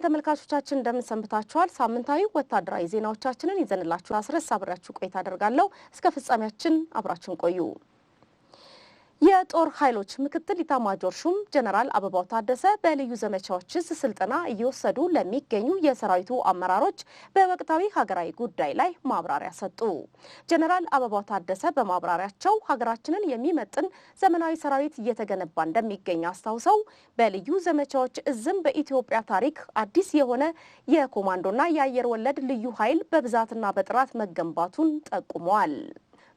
ክቡራን ተመልካቾቻችን እንደምን ሰንብታችኋል? ሳምንታዊ ወታደራዊ ዜናዎቻችንን ይዘንላችሁ አስረስ አብራችሁ ቆይታ አደርጋለሁ። እስከ ፍጻሜያችን አብራችን ቆዩ። የጦር ኃይሎች ምክትል ኢታማጆር ሹም ጀነራል አበባው ታደሰ በልዩ ዘመቻዎች እዝ ስልጠና እየወሰዱ ለሚገኙ የሰራዊቱ አመራሮች በወቅታዊ ሀገራዊ ጉዳይ ላይ ማብራሪያ ሰጡ። ጀነራል አበባው ታደሰ በማብራሪያቸው ሀገራችንን የሚመጥን ዘመናዊ ሰራዊት እየተገነባ እንደሚገኝ አስታውሰው በልዩ ዘመቻዎች እዝም በኢትዮጵያ ታሪክ አዲስ የሆነ የኮማንዶና የአየር ወለድ ልዩ ኃይል በብዛትና በጥራት መገንባቱን ጠቁመዋል።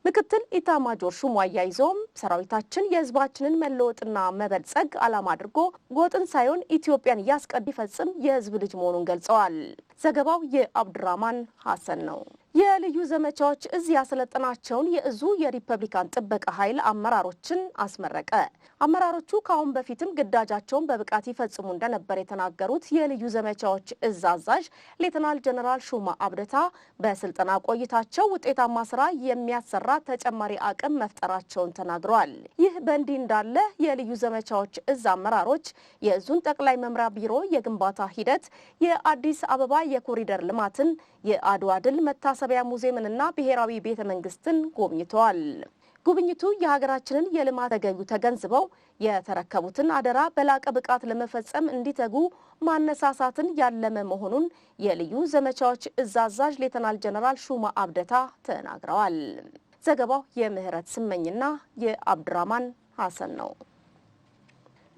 ምክትል ኢታማጆር ሹሙ አያይዘውም ሰራዊታችን የህዝባችንን መለወጥና መበልጸግ ዓላማ አድርጎ ጎጥን ሳይሆን ኢትዮጵያን እያስቀድ ይፈጽም የህዝብ ልጅ መሆኑን ገልጸዋል። ዘገባው የአብዱራማን ሀሰን ነው። የልዩ ዘመቻዎች እዝ ያሰለጠናቸውን የእዙ የሪፐብሊካን ጥበቃ ኃይል አመራሮችን አስመረቀ። አመራሮቹ ከአሁን በፊትም ግዳጃቸውን በብቃት ይፈጽሙ እንደነበር የተናገሩት የልዩ ዘመቻዎች እዝ አዛዥ ሌተናል ጀነራል ሹማ አብደታ በስልጠና ቆይታቸው ውጤታማ ስራ የሚያሰራ ተጨማሪ አቅም መፍጠራቸውን ተናግረዋል። ይህ በእንዲህ እንዳለ የልዩ ዘመቻዎች እዝ አመራሮች የእዙን ጠቅላይ መምሪያ ቢሮ የግንባታ ሂደት፣ የአዲስ አበባ የኮሪደር ልማትን፣ የአድዋ ድል መታሰ መታሰቢያ ሙዚየምንና ብሔራዊ ቤተ መንግስትን ጎብኝተዋል። ጉብኝቱ የሀገራችንን የልማት ተገቢው ተገንዝበው የተረከቡትን አደራ በላቀ ብቃት ለመፈጸም እንዲተጉ ማነሳሳትን ያለመ መሆኑን የልዩ ዘመቻዎች እዝ አዛዥ ሌተናል ጀነራል ሹማ አብደታ ተናግረዋል። ዘገባው የምህረት ስመኝና የአብድራማን ሀሰን ነው።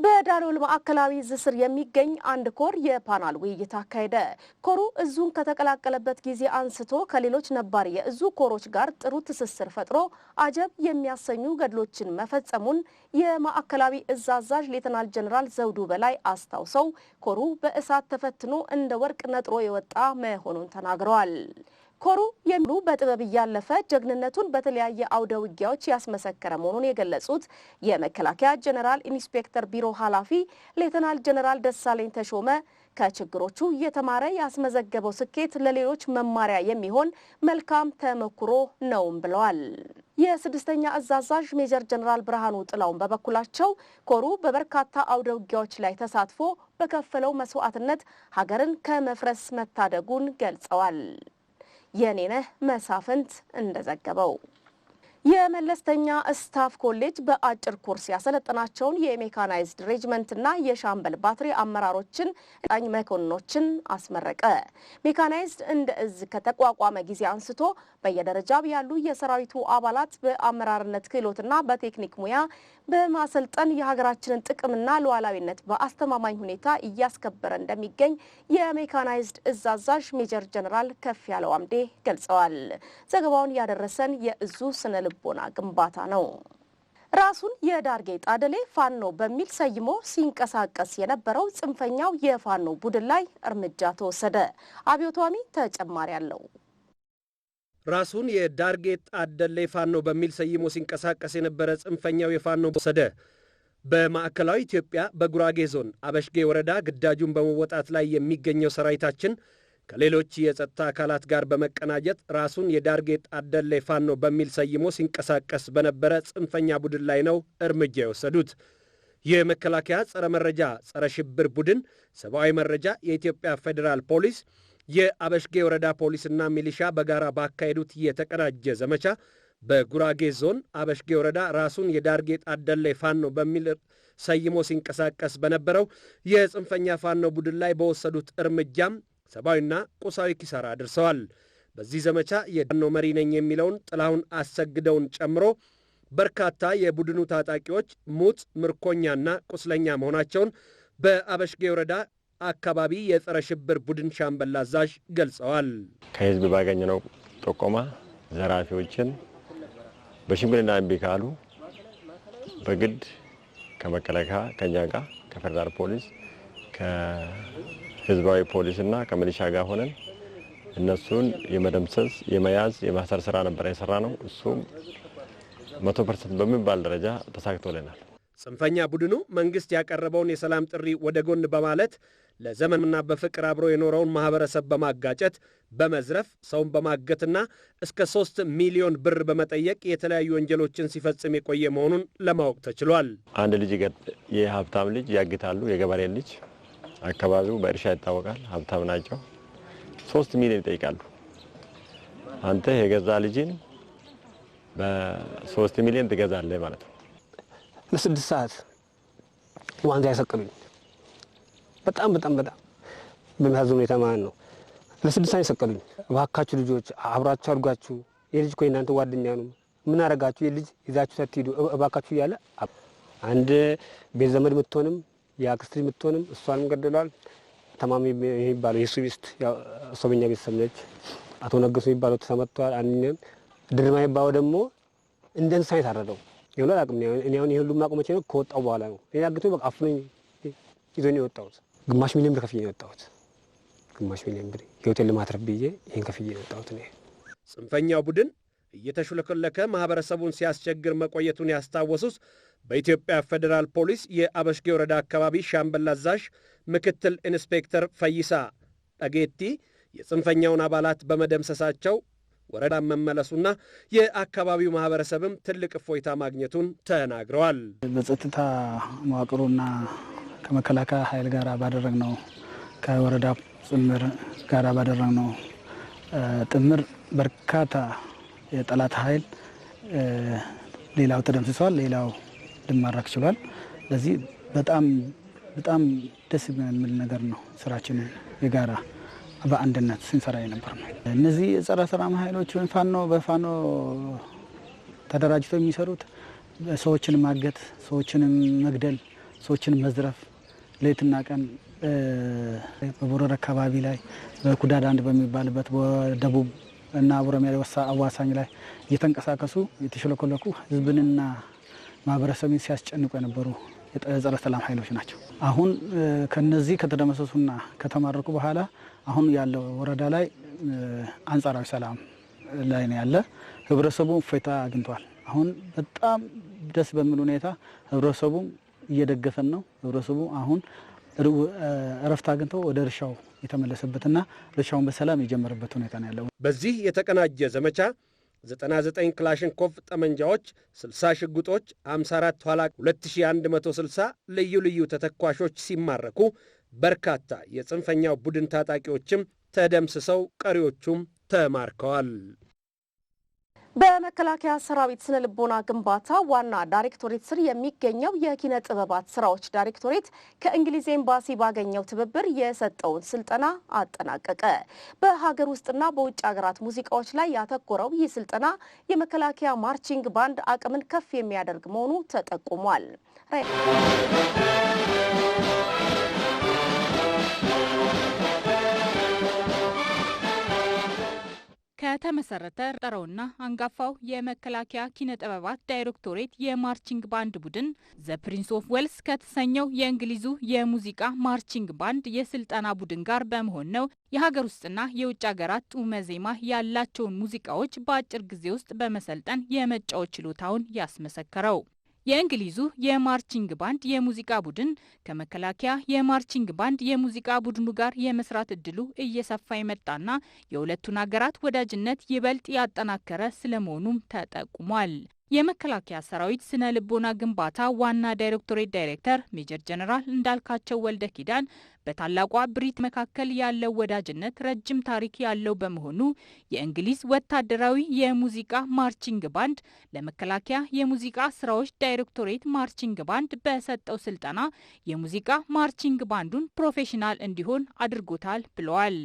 በዳሎል ማዕከላዊ እዝ ስር የሚገኝ አንድ ኮር የፓናል ውይይት አካሄደ። ኮሩ እዙን ከተቀላቀለበት ጊዜ አንስቶ ከሌሎች ነባር የእዙ ኮሮች ጋር ጥሩ ትስስር ፈጥሮ አጀብ የሚያሰኙ ገድሎችን መፈጸሙን የማዕከላዊ እዝ አዛዥ ሌተናል ጀኔራል ዘውዱ በላይ አስታውሰው ኮሩ በእሳት ተፈትኖ እንደ ወርቅ ነጥሮ የወጣ መሆኑን ተናግረዋል። ኮሩ የሚሉ በጥበብ እያለፈ ጀግንነቱን በተለያየ አውደ ውጊያዎች ያስመሰከረ መሆኑን የገለጹት የመከላከያ ጀኔራል ኢንስፔክተር ቢሮ ኃላፊ ሌተናል ጀኔራል ደሳለኝ ተሾመ ከችግሮቹ እየተማረ ያስመዘገበው ስኬት ለሌሎች መማሪያ የሚሆን መልካም ተመክሮ ነውም ብለዋል። የስድስተኛ አዛዛዥ ሜጀር ጀኔራል ብርሃኑ ጥላውን በበኩላቸው ኮሩ በበርካታ አውደ ውጊያዎች ላይ ተሳትፎ በከፈለው መስዋዕትነት ሀገርን ከመፍረስ መታደጉን ገልጸዋል። የኔነህ መሳፍንት እንደዘገበው የመለስተኛ ስታፍ ኮሌጅ በአጭር ኮርስ ያሰለጠናቸውን የሜካናይዝድ ሬጅመንትና የሻምበል ባትሪ አመራሮችን ጣኝ መኮንኖችን አስመረቀ። ሜካናይዝድ እንደ እዝ ከተቋቋመ ጊዜ አንስቶ በየደረጃው ያሉ የሰራዊቱ አባላት በአመራርነት ክህሎትና በቴክኒክ ሙያ በማሰልጠን የሀገራችንን ጥቅምና ሉዓላዊነት በአስተማማኝ ሁኔታ እያስከበረ እንደሚገኝ የሜካናይዝድ እዝ አዛዥ ሜጀር ጀነራል ከፍ ያለው አምዴ ገልጸዋል። ዘገባውን ያደረሰን የእዙ ስነ ልቦና ግንባታ ነው። ራሱን የዳርጌ ጣደሌ ፋኖ በሚል ሰይሞ ሲንቀሳቀስ የነበረው ጽንፈኛው የፋኖ ቡድን ላይ እርምጃ ተወሰደ። አብዮቷሚ ተጨማሪ አለው። ራሱን የዳርጌ ጣደሌ ፋኖ በሚል ሰይሞ ሲንቀሳቀስ የነበረ ጽንፈኛው የፋኖ ወሰደ በማዕከላዊ ኢትዮጵያ በጉራጌ ዞን አበሽጌ ወረዳ ግዳጁን በመወጣት ላይ የሚገኘው ሰራዊታችን ከሌሎች የጸጥታ አካላት ጋር በመቀናጀት ራሱን የዳርጌት አደሌ ፋኖ በሚል ሰይሞ ሲንቀሳቀስ በነበረ ጽንፈኛ ቡድን ላይ ነው እርምጃ የወሰዱት። የመከላከያ ጸረ መረጃ ጸረ ሽብር ቡድን ሰብአዊ መረጃ የኢትዮጵያ ፌዴራል ፖሊስ የአበሽጌ ወረዳ ፖሊስና ሚሊሻ በጋራ ባካሄዱት የተቀናጀ ዘመቻ በጉራጌ ዞን አበሽጌ ወረዳ ራሱን የዳርጌት አደሌ ፋኖ በሚል ሰይሞ ሲንቀሳቀስ በነበረው የጽንፈኛ ፋኖ ቡድን ላይ በወሰዱት እርምጃም ሰብአዊና ቁሳዊ ኪሳራ አድርሰዋል። በዚህ ዘመቻ የዳኖ መሪ ነኝ የሚለውን ጥላሁን አሰግደውን ጨምሮ በርካታ የቡድኑ ታጣቂዎች ሙት ምርኮኛና ቁስለኛ መሆናቸውን በአበሽጌ ወረዳ አካባቢ የጸረ ሽብር ቡድን ሻምበል አዛዥ ገልጸዋል። ከህዝብ ባገኘነው ጥቆማ ዘራፊዎችን በሽምግልና እምቢ ካሉ በግድ ከመከላከያ ከእኛ ጋር ከፌዴራል ፖሊስ ህዝባዊ ፖሊስና ከሚሊሻ ጋር ሆነን እነሱን የመደምሰስ የመያዝ የማሰር ስራ ነበር የሰራ ነው። እሱም መቶ ፐርሰንት በሚባል ደረጃ ተሳክቶልናል። ጽንፈኛ ቡድኑ መንግስት ያቀረበውን የሰላም ጥሪ ወደ ጎን በማለት ለዘመንና በፍቅር አብሮ የኖረውን ማህበረሰብ በማጋጨት በመዝረፍ ሰውን በማገትና እስከ ሶስት ሚሊዮን ብር በመጠየቅ የተለያዩ ወንጀሎችን ሲፈጽም የቆየ መሆኑን ለማወቅ ተችሏል። አንድ ልጅ የሀብታም ልጅ ያግታሉ፣ የገበሬን ልጅ አካባቢው በእርሻ ይታወቃል። ሀብታም ናቸው። ሶስት ሚሊዮን ይጠይቃሉ። አንተ የገዛ ልጅን በሶስት ሚሊዮን ትገዛለህ ማለት ነው። ለስድስት ሰዓት ዋንዛ ያሰቀሉኝ በጣም በጣም በጣም በሚያዝን ሁኔታ ማለት ነው። ለስድስት ሰዓት ያሰቀሉኝ። እባካችሁ ልጆች አብራችሁ አድጓችሁ የልጅ እኮ የእናንተ ጓደኛ ነው፣ ምን አረጋችሁ? የልጅ ይዛችሁ ሳትሄዱ እባካችሁ እያለ አንድ ቤት ዘመድ የምትሆንም የአክስት የምትሆንም እሷንም ገድሏል። ተማሚ የሚባለው የሱ ሚስት እሷ በኛ ቤተሰብ ነች። አቶ ነገሱ የሚባለው ተመቷል። አን ድርማ የሚባለው ደግሞ እንደ እንስሳ የታረደው ይሁን አቅም እኔ አሁን ይህ ሁሉ ማቆመ ነው ከወጣው በኋላ ነው። ሌላ ግቶ በቃ አፍኖኝ ይዞኝ የወጣሁት ግማሽ ሚሊዮን ብር ከፍዬ ነው የወጣሁት። ግማሽ ሚሊዮን ብር የሆቴል ልማትረፍ ብዬ ይህን ከፍዬ ነው የወጣሁት። ጽንፈኛው ቡድን እየተሽለከለከ ማኅበረሰቡን ሲያስቸግር መቆየቱን ያስታወሱት በኢትዮጵያ ፌዴራል ፖሊስ የአበሽጌ ወረዳ አካባቢ ሻምበል አዛዥ ምክትል ኢንስፔክተር ፈይሳ ጠጌቲ የጽንፈኛውን አባላት በመደምሰሳቸው ወረዳ መመለሱና የአካባቢው ማህበረሰብም ትልቅ እፎይታ ማግኘቱን ተናግረዋል። በጸጥታ መዋቅሩና ከመከላከያ ኃይል ጋር ባደረግነው ከወረዳ ጽምር ጋር ባደረግነው ጥምር በርካታ የጠላት ኃይል ሌላው ተደምስሷል፣ ሌላው ልማራክ ችሏል። ለዚህ በጣም በጣም ደስ የሚል ነገር ነው። ስራችንን የጋራ በአንድነት ስንሰራ የነበር ነው። እነዚህ የጸረ ሰላም ኃይሎች ወይም ፋኖ በፋኖ ተደራጅተው የሚሰሩት ሰዎችን ማገት፣ ሰዎችን መግደል፣ ሰዎችን መዝረፍ ሌትና ቀን በቦረር አካባቢ ላይ በኩዳድ አንድ በሚባልበት በደቡብ እና ኦሮሚያ አዋሳኝ ላይ እየተንቀሳቀሱ የተሸለኮለኩ ህዝብንና ማህበረሰብን ሲያስጨንቁ የነበሩ የጸረ ሰላም ኃይሎች ናቸው። አሁን ከነዚህ ከተደመሰሱና ከተማረኩ በኋላ አሁን ያለው ወረዳ ላይ አንጻራዊ ሰላም ላይ ነው ያለ። ህብረተሰቡ እፎይታ አግኝቷል። አሁን በጣም ደስ በሚል ሁኔታ ህብረተሰቡ እየደገፈን ነው። ህብረተሰቡ አሁን እረፍት አግኝተው ወደ እርሻው የተመለሰበትና ረሻውን በሰላም የጀመረበት ሁኔታ ነው ያለው። በዚህ የተቀናጀ ዘመቻ 99 ክላሽንኮቭ ጠመንጃዎች፣ 60 ሽጉጦች፣ 54 ኋላ 2160 ልዩ ልዩ ተተኳሾች ሲማረኩ በርካታ የጽንፈኛው ቡድን ታጣቂዎችም ተደምስሰው ቀሪዎቹም ተማርከዋል። በመከላከያ ሰራዊት ስነ ልቦና ግንባታ ዋና ዳይሬክቶሬት ስር የሚገኘው የኪነ ጥበባት ስራዎች ዳይሬክቶሬት ከእንግሊዝ ኤምባሲ ባገኘው ትብብር የሰጠውን ስልጠና አጠናቀቀ። በሀገር ውስጥና በውጭ ሀገራት ሙዚቃዎች ላይ ያተኮረው ይህ ስልጠና የመከላከያ ማርቺንግ ባንድ አቅምን ከፍ የሚያደርግ መሆኑ ተጠቁሟል። በተመሰረተ ጠረውና አንጋፋው የመከላከያ ኪነ ጥበባት ዳይሬክቶሬት የማርቺንግ ባንድ ቡድን ዘ ፕሪንስ ኦፍ ዌልስ ከተሰኘው የእንግሊዙ የሙዚቃ ማርቺንግ ባንድ የስልጠና ቡድን ጋር በመሆን ነው የሀገር ውስጥና የውጭ ሀገራት ጡመ ዜማ ያላቸውን ሙዚቃዎች በአጭር ጊዜ ውስጥ በመሰልጠን የመጫወት ችሎታውን ያስመሰከረው። የእንግሊዙ የማርቺንግ ባንድ የሙዚቃ ቡድን ከመከላከያ የማርቺንግ ባንድ የሙዚቃ ቡድኑ ጋር የመስራት እድሉ እየሰፋ የመጣና የሁለቱን ሀገራት ወዳጅነት ይበልጥ ያጠናከረ ስለመሆኑም ተጠቁሟል። የመከላከያ ሰራዊት ስነ ልቦና ግንባታ ዋና ዳይሬክቶሬት ዳይሬክተር ሜጀር ጀነራል እንዳልካቸው ወልደ ኪዳን በታላቋ ብሪት መካከል ያለው ወዳጅነት ረጅም ታሪክ ያለው በመሆኑ የእንግሊዝ ወታደራዊ የሙዚቃ ማርቺንግ ባንድ ለመከላከያ የሙዚቃ ስራዎች ዳይሬክቶሬት ማርቺንግ ባንድ በሰጠው ስልጠና የሙዚቃ ማርቺንግ ባንዱን ፕሮፌሽናል እንዲሆን አድርጎታል ብለዋል።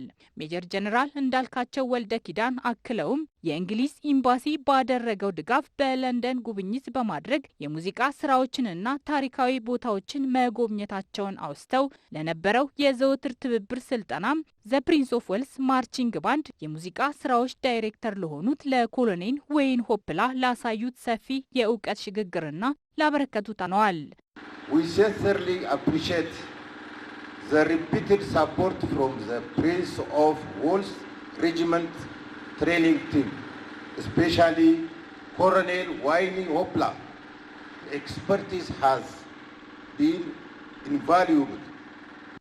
ሜጀር ጀነራል እንዳልካቸው ወልደ ኪዳን አክለውም የእንግሊዝ ኤምባሲ ባደረገው ድጋፍ በለንደን ጉብኝት በማድረግ የሙዚቃ ስራዎችንና ታሪካዊ ቦታዎችን መጎብኘታቸውን አውስተው ለነበረው የዘወትር ትብብር ስልጠናም ዘ ፕሪንስ ኦፍ ዌልስ ማርቺንግ ባንድ የሙዚቃ ስራዎች ዳይሬክተር ለሆኑት ለኮሎኔል ወይን ሆፕላ ላሳዩት ሰፊ የእውቀት ሽግግርና ላበረከቱ ተነዋል። ሪፒትድ ሳፖርት ፍሮም ዘ ፕሪንስ ኦፍ ዌልስ ሬጅመንት ትሬኒንግ ቲም especially Colonel Wiley Hopla. ኤክስፐርቲስ has been invaluable.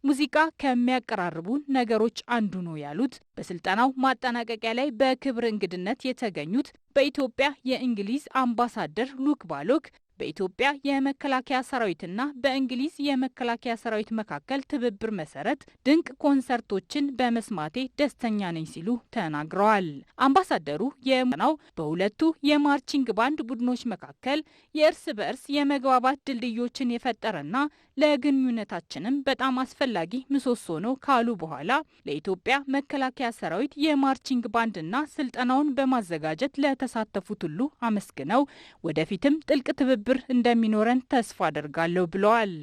ሙዚቃ ከሚያቀራርቡ ነገሮች አንዱ ነው ያሉት በስልጠናው ማጠናቀቂያ ላይ በክብር እንግድነት የተገኙት በኢትዮጵያ የእንግሊዝ አምባሳደር ሉክ ባሎክ በኢትዮጵያ የመከላከያ ሰራዊትና በእንግሊዝ የመከላከያ ሰራዊት መካከል ትብብር መሰረት ድንቅ ኮንሰርቶችን በመስማቴ ደስተኛ ነኝ ሲሉ ተናግረዋል። አምባሳደሩ የናው በሁለቱ የማርቺንግ ባንድ ቡድኖች መካከል የእርስ በእርስ የመግባባት ድልድዮችን የፈጠረና ለግንኙነታችንም በጣም አስፈላጊ ምሰሶ ነው ካሉ በኋላ ለኢትዮጵያ መከላከያ ሰራዊት የማርቺንግ ባንድና ስልጠናውን በማዘጋጀት ለተሳተፉት ሁሉ አመስግነው ወደፊትም ጥልቅ ትብብር እንደሚኖረን ተስፋ አደርጋለሁ ብለዋል።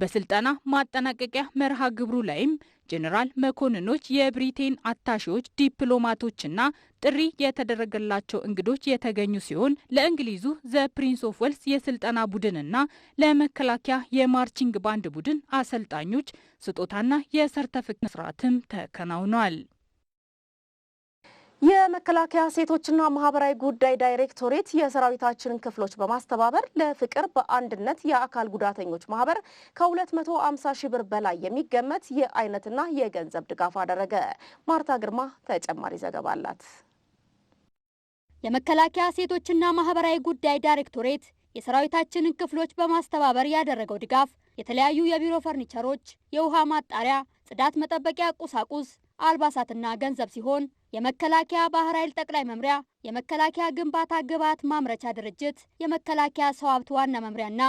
በስልጠና ማጠናቀቂያ መርሃ ግብሩ ላይም ጄኔራል መኮንኖች፣ የብሪቴን አታሺዎች፣ ዲፕሎማቶችና ጥሪ የተደረገላቸው እንግዶች የተገኙ ሲሆን ለእንግሊዙ ዘ ፕሪንስ ኦፍ ዌልስ የስልጠና ቡድንና ለመከላከያ የማርቺንግ ባንድ ቡድን አሰልጣኞች ስጦታና የሰርተፍክ ስርዓትም ተከናውኗል። የመከላከያ ሴቶችና ማህበራዊ ጉዳይ ዳይሬክቶሬት የሰራዊታችንን ክፍሎች በማስተባበር ለፍቅር በአንድነት የአካል ጉዳተኞች ማህበር ከ250 ሺህ ብር በላይ የሚገመት የአይነትና የገንዘብ ድጋፍ አደረገ። ማርታ ግርማ ተጨማሪ ዘገባ አላት። የመከላከያ ሴቶችና ማህበራዊ ጉዳይ ዳይሬክቶሬት የሰራዊታችንን ክፍሎች በማስተባበር ያደረገው ድጋፍ የተለያዩ የቢሮ ፈርኒቸሮች፣ የውሃ ማጣሪያ፣ ጽዳት መጠበቂያ ቁሳቁስ፣ አልባሳትና ገንዘብ ሲሆን የመከላከያ ባህር ኃይል ጠቅላይ መምሪያ፣ የመከላከያ ግንባታ ግብዓት ማምረቻ ድርጅት፣ የመከላከያ ሰው ሀብት ዋና መምሪያና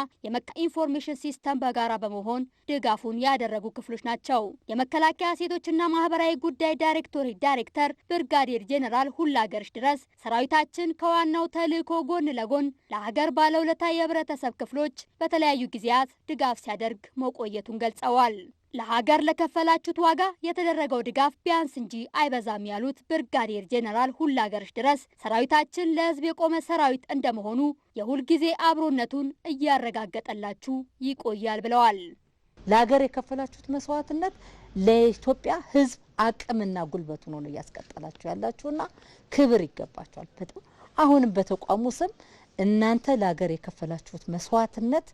ኢንፎርሜሽን ሲስተም በጋራ በመሆን ድጋፉን ያደረጉ ክፍሎች ናቸው። የመከላከያ ሴቶችና ማህበራዊ ጉዳይ ዳይሬክቶሬት ዳይሬክተር ብርጋዴር ጄኔራል ሁላገርሽ ድረስ ሰራዊታችን ከዋናው ተልዕኮ ጎን ለጎን ለሀገር ባለውለታ የህብረተሰብ ክፍሎች በተለያዩ ጊዜያት ድጋፍ ሲያደርግ መቆየቱን ገልጸዋል። ለሀገር ለከፈላችሁት ዋጋ የተደረገው ድጋፍ ቢያንስ እንጂ አይበዛም ያሉት ብርጋዴር ጄኔራል ሁላ ገርሽ ድረስ ሰራዊታችን ለህዝብ የቆመ ሰራዊት እንደመሆኑ የሁልጊዜ አብሮነቱን እያረጋገጠላችሁ ይቆያል ብለዋል። ለሀገር የከፈላችሁት መስዋዕትነት ለኢትዮጵያ ህዝብ አቅምና ጉልበቱ ነው እያስቀጠላችሁ ያላችሁና ክብር ይገባችኋል። አሁንም በተቋሙ ስም እናንተ ለሀገር የከፈላችሁት መስዋዕትነት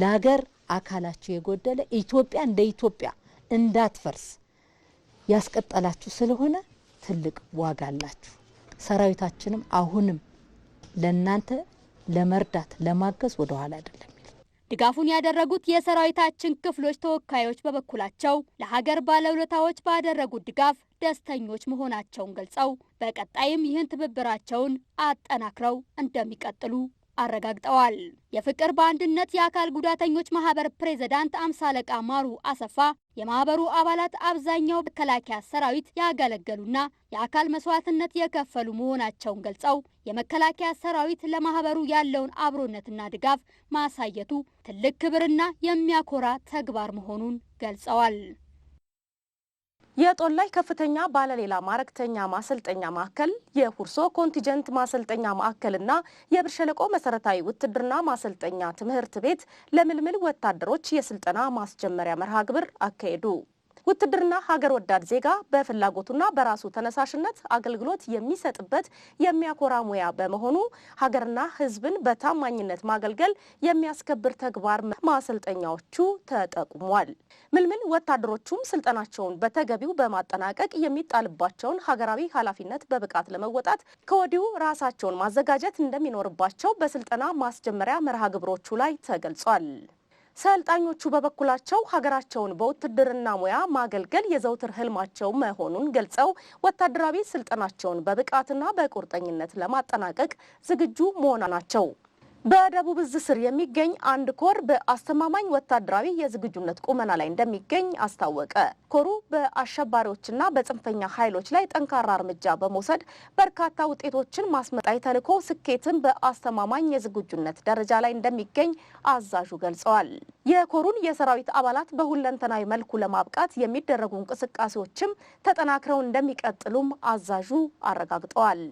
ለሀገር አካላችሁ የጎደለ ኢትዮጵያ እንደ ኢትዮጵያ እንዳትፈርስ ያስቀጠላችሁ ስለሆነ ትልቅ ዋጋ አላችሁ። ሰራዊታችንም አሁንም ለእናንተ ለመርዳት ለማገዝ ወደ ኋላ አይደለም። ድጋፉን ያደረጉት የሰራዊታችን ክፍሎች ተወካዮች በበኩላቸው ለሀገር ባለውለታዎች ባደረጉት ድጋፍ ደስተኞች መሆናቸውን ገልጸው በቀጣይም ይህን ትብብራቸውን አጠናክረው እንደሚቀጥሉ አረጋግጠዋል። የፍቅር በአንድነት የአካል ጉዳተኞች ማህበር ፕሬዝዳንት አምሳ አለቃ ማሩ አሰፋ የማህበሩ አባላት አብዛኛው መከላከያ ሰራዊት ያገለገሉና የአካል መስዋዕትነት የከፈሉ መሆናቸውን ገልጸው የመከላከያ ሰራዊት ለማህበሩ ያለውን አብሮነትና ድጋፍ ማሳየቱ ትልቅ ክብርና የሚያኮራ ተግባር መሆኑን ገልጸዋል። የጦላይ ከፍተኛ ባለሌላ ማረክተኛ ማሰልጠኛ ማዕከል የሁርሶ ኮንቲጀንት ማሰልጠኛ ማዕከልና የብር የብርሸለቆ መሰረታዊ ውትድርና ማሰልጠኛ ትምህርት ቤት ለምልምል ወታደሮች የስልጠና ማስጀመሪያ መርሃ ግብር አካሄዱ። ውትድርና ሀገር ወዳድ ዜጋ በፍላጎቱና በራሱ ተነሳሽነት አገልግሎት የሚሰጥበት የሚያኮራ ሙያ በመሆኑ ሀገርና ሕዝብን በታማኝነት ማገልገል የሚያስከብር ተግባር ማሰልጠኛዎቹ ተጠቁሟል። ምልምል ወታደሮቹም ስልጠናቸውን በተገቢው በማጠናቀቅ የሚጣልባቸውን ሀገራዊ ኃላፊነት በብቃት ለመወጣት ከወዲሁ ራሳቸውን ማዘጋጀት እንደሚኖርባቸው በስልጠና ማስጀመሪያ መርሃ ግብሮቹ ላይ ተገልጿል። ሰልጣኞቹ በበኩላቸው ሀገራቸውን በውትድርና ሙያ ማገልገል የዘውትር ህልማቸው መሆኑን ገልጸው ወታደራዊ ስልጠናቸውን በብቃትና በቁርጠኝነት ለማጠናቀቅ ዝግጁ ናቸው። በደቡብ እዝ ስር የሚገኝ አንድ ኮር በአስተማማኝ ወታደራዊ የዝግጁነት ቁመና ላይ እንደሚገኝ አስታወቀ። ኮሩ በአሸባሪዎችና በጽንፈኛ ኃይሎች ላይ ጠንካራ እርምጃ በመውሰድ በርካታ ውጤቶችን ማስመጣይ ተልዕኮ ስኬትን በአስተማማኝ የዝግጁነት ደረጃ ላይ እንደሚገኝ አዛዡ ገልጸዋል። የኮሩን የሰራዊት አባላት በሁለንተናዊ መልኩ ለማብቃት የሚደረጉ እንቅስቃሴዎችም ተጠናክረው እንደሚቀጥሉም አዛዡ አረጋግጠዋል።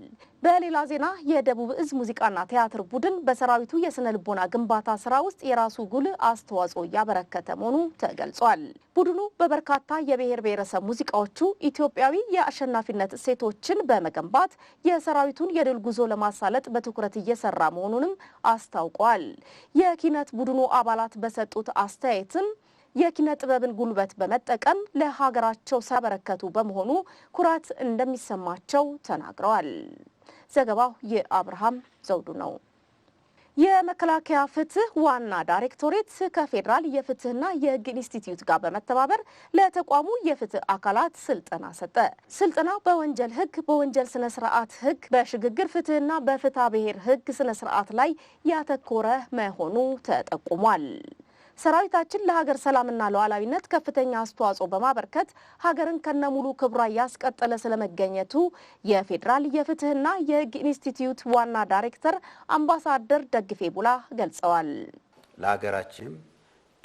በሌላ ዜና የደቡብ እዝ ሙዚቃና ቲያትር ቡድን በሰራዊቱ የስነ ልቦና ግንባታ ስራ ውስጥ የራሱ ጉልህ አስተዋጽኦ እያበረከተ መሆኑ ተገልጿል። ቡድኑ በበርካታ የብሔር ብሔረሰብ ሙዚቃዎቹ ኢትዮጵያዊ የአሸናፊነት እሴቶችን በመገንባት የሰራዊቱን የድል ጉዞ ለማሳለጥ በትኩረት እየሰራ መሆኑንም አስታውቋል። የኪነት ቡድኑ አባላት በሰጡ በሰጡት አስተያየትም የኪነ ጥበብን ጉልበት በመጠቀም ለሀገራቸው ሳበረከቱ በመሆኑ ኩራት እንደሚሰማቸው ተናግረዋል። ዘገባው የአብርሃም ዘውዱ ነው። የመከላከያ ፍትህ ዋና ዳይሬክቶሬት ከፌዴራል የፍትህና የህግ ኢንስቲትዩት ጋር በመተባበር ለተቋሙ የፍትህ አካላት ስልጠና ሰጠ። ስልጠናው በወንጀል ህግ፣ በወንጀል ስነ ስርዓት ህግ፣ በሽግግር ፍትህና በፍትሐ ብሔር ህግ ስነ ስርዓት ላይ ያተኮረ መሆኑ ተጠቁሟል። ሰራዊታችን ለሀገር ሰላምና ለዋላዊነት ከፍተኛ አስተዋጽኦ በማበርከት ሀገርን ከነሙሉ ክብሯ እያስቀጠለ ስለመገኘቱ የፌዴራል የፍትህና የህግ ኢንስቲትዩት ዋና ዳይሬክተር አምባሳደር ደግፌ ቡላ ገልጸዋል። ለሀገራችንም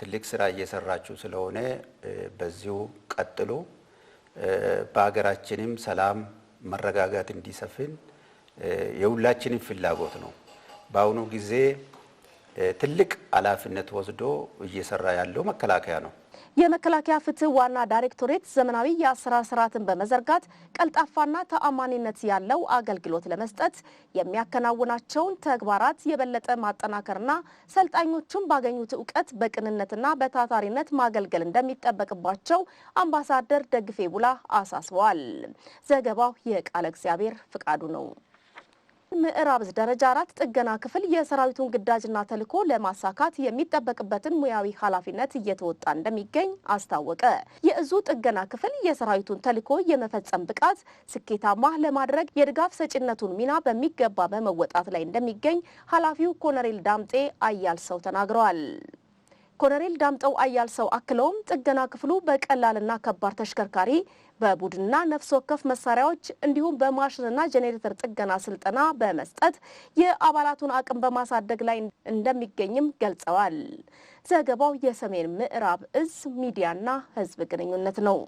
ትልቅ ስራ እየሰራችሁ ስለሆነ በዚሁ ቀጥሎ በሀገራችንም ሰላም መረጋጋት እንዲሰፍን የሁላችንም ፍላጎት ነው። በአሁኑ ጊዜ ትልቅ ኃላፊነት ወስዶ እየሰራ ያለው መከላከያ ነው። የመከላከያ ፍትህ ዋና ዳይሬክቶሬት ዘመናዊ የአሰራር ስርዓትን በመዘርጋት ቀልጣፋና ተአማኒነት ያለው አገልግሎት ለመስጠት የሚያከናውናቸውን ተግባራት የበለጠ ማጠናከርና ሰልጣኞቹም ባገኙት እውቀት በቅንነትና በታታሪነት ማገልገል እንደሚጠበቅባቸው አምባሳደር ደግፌ ቡላ አሳስበዋል። ዘገባው የቃለ እግዚአብሔር ፍቃዱ ነው። ምዕራብ ደረጃ አራት ጥገና ክፍል የሰራዊቱን ግዳጅና ተልዕኮ ለማሳካት የሚጠበቅበትን ሙያዊ ኃላፊነት እየተወጣ እንደሚገኝ አስታወቀ። የእዙ ጥገና ክፍል የሰራዊቱን ተልዕኮ የመፈጸም ብቃት ስኬታማ ለማድረግ የድጋፍ ሰጪነቱን ሚና በሚገባ በመወጣት ላይ እንደሚገኝ ኃላፊው ኮሎኔል ዳምጤ አያልሰው ተናግረዋል። ኮሎኔል ዳምጠው አያልሰው አክለውም ጥገና ክፍሉ በቀላልና ከባድ ተሽከርካሪ በቡድንና ነፍስ ወከፍ መሳሪያዎች እንዲሁም በማሽንና ጄኔሬተር ጥገና ስልጠና በመስጠት የአባላቱን አቅም በማሳደግ ላይ እንደሚገኝም ገልጸዋል። ዘገባው የሰሜን ምዕራብ እዝ ሚዲያና ሕዝብ ግንኙነት ነው።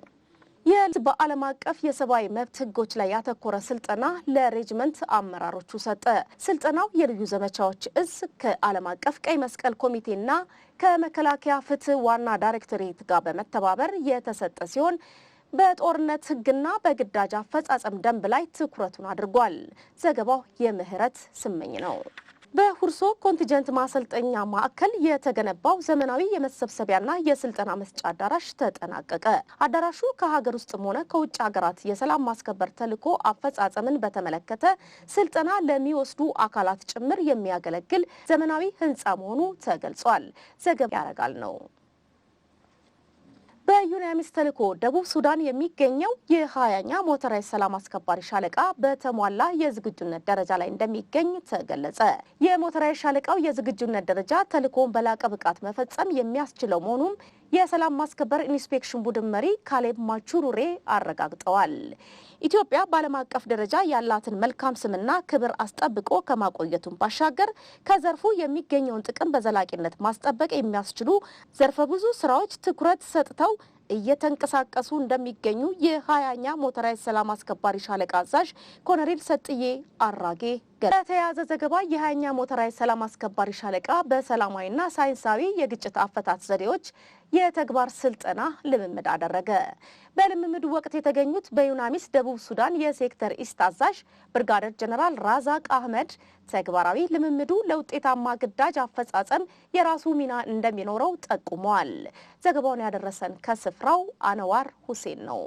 የት በዓለም አቀፍ የሰብአዊ መብት ሕጎች ላይ ያተኮረ ስልጠና ለሬጅመንት አመራሮቹ ሰጠ። ስልጠናው የልዩ ዘመቻዎች እዝ ከዓለም አቀፍ ቀይ መስቀል ኮሚቴና ከመከላከያ ፍትህ ዋና ዳይሬክቶሬት ጋር በመተባበር የተሰጠ ሲሆን በጦርነት ሕግና በግዳጅ አፈጻጸም ደንብ ላይ ትኩረቱን አድርጓል። ዘገባው የምህረት ስመኝ ነው። በሁርሶ ኮንቲጀንት ማሰልጠኛ ማዕከል የተገነባው ዘመናዊ የመሰብሰቢያና የስልጠና መስጫ አዳራሽ ተጠናቀቀ። አዳራሹ ከሀገር ውስጥም ሆነ ከውጭ ሀገራት የሰላም ማስከበር ተልዕኮ አፈጻጸምን በተመለከተ ስልጠና ለሚወስዱ አካላት ጭምር የሚያገለግል ዘመናዊ ሕንፃ መሆኑ ተገልጿል። ዘገባ ያረጋል ነው። በዩናሚስ ተልዕኮ ደቡብ ሱዳን የሚገኘው የሀያኛ ሞተራይ ሰላም አስከባሪ ሻለቃ በተሟላ የዝግጁነት ደረጃ ላይ እንደሚገኝ ተገለጸ። የሞተራይ ሻለቃው የዝግጁነት ደረጃ ተልዕኮውን በላቀ ብቃት መፈጸም የሚያስችለው መሆኑም የሰላም ማስከበር ኢንስፔክሽን ቡድን መሪ ካሌብ ማቹሩሬ አረጋግጠዋል። ኢትዮጵያ በዓለም አቀፍ ደረጃ ያላትን መልካም ስምና ክብር አስጠብቆ ከማቆየቱን ባሻገር ከዘርፉ የሚገኘውን ጥቅም በዘላቂነት ማስጠበቅ የሚያስችሉ ዘርፈ ብዙ ስራዎች ትኩረት ሰጥተው እየተንቀሳቀሱ እንደሚገኙ የሀያኛ ሞተራይዝ ሰላም አስከባሪ ሻለቃ አዛዥ ኮሎኔል ሰጥዬ አራጌ በተያያዘ ዘገባ የሀያኛ ሞተራይዝ ሰላም አስከባሪ ሻለቃ በሰላማዊና ሳይንሳዊ የግጭት አፈታት ዘዴዎች የተግባር ስልጠና ልምምድ አደረገ። በልምምዱ ወቅት የተገኙት በዩናሚስ ደቡብ ሱዳን የሴክተር ኢስት አዛዥ ብርጋደር ጀነራል ራዛቅ አህመድ ተግባራዊ ልምምዱ ለውጤታማ ግዳጅ አፈጻጸም የራሱ ሚና እንደሚኖረው ጠቁመዋል። ዘገባውን ያደረሰን ከስፍራው አነዋር ሁሴን ነው።